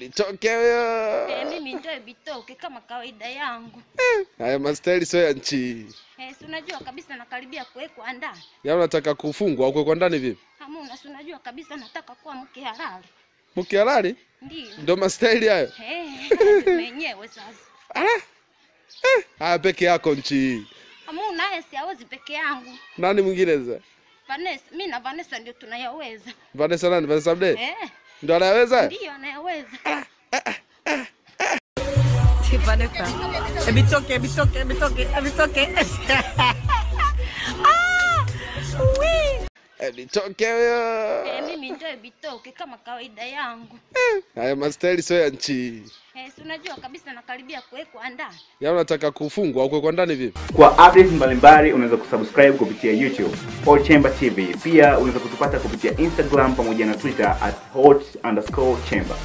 nitoke huyo. Eh, mimi ndio bitoke kama kawaida yangu. Eh, haya mastaili sio ya nchi. Eh, si unajua kabisa nakaribia kuwekwa ndani. Yaani unataka kufungwa au kuwekwa ndani vipi? Hamuna, si unajua kabisa nataka kuwa mke halali. Mke halali? Ndio. Ndio mastaili hayo. Eh, mwenyewe sasa. Ala. Eh, haya peke yako nchi hii. Hamuna, yeye siawezi peke yangu. Nani mwingine sasa? Vanessa, mimi na Vanessa ndio tunayaweza. Vanessa nani? Vanessa Mdee? Eh. Ndio anaweza? Ndio anaweza. Ah! huyo. Ah, ah, ah, eh, mimi ndio ebitoke kama kawaida yangu. Eh, haya mastaili sio ya nchi. Harris, unajua kabisa nakaribia kuwekwa ndani. Yaani unataka kufungwa au kuwekwa ndani vipi? Kwa updates mbalimbali unaweza kusubscribe kupitia YouTube Hot Chamber TV. Pia unaweza kutupata kupitia Instagram pamoja na Twitter at underscore chamber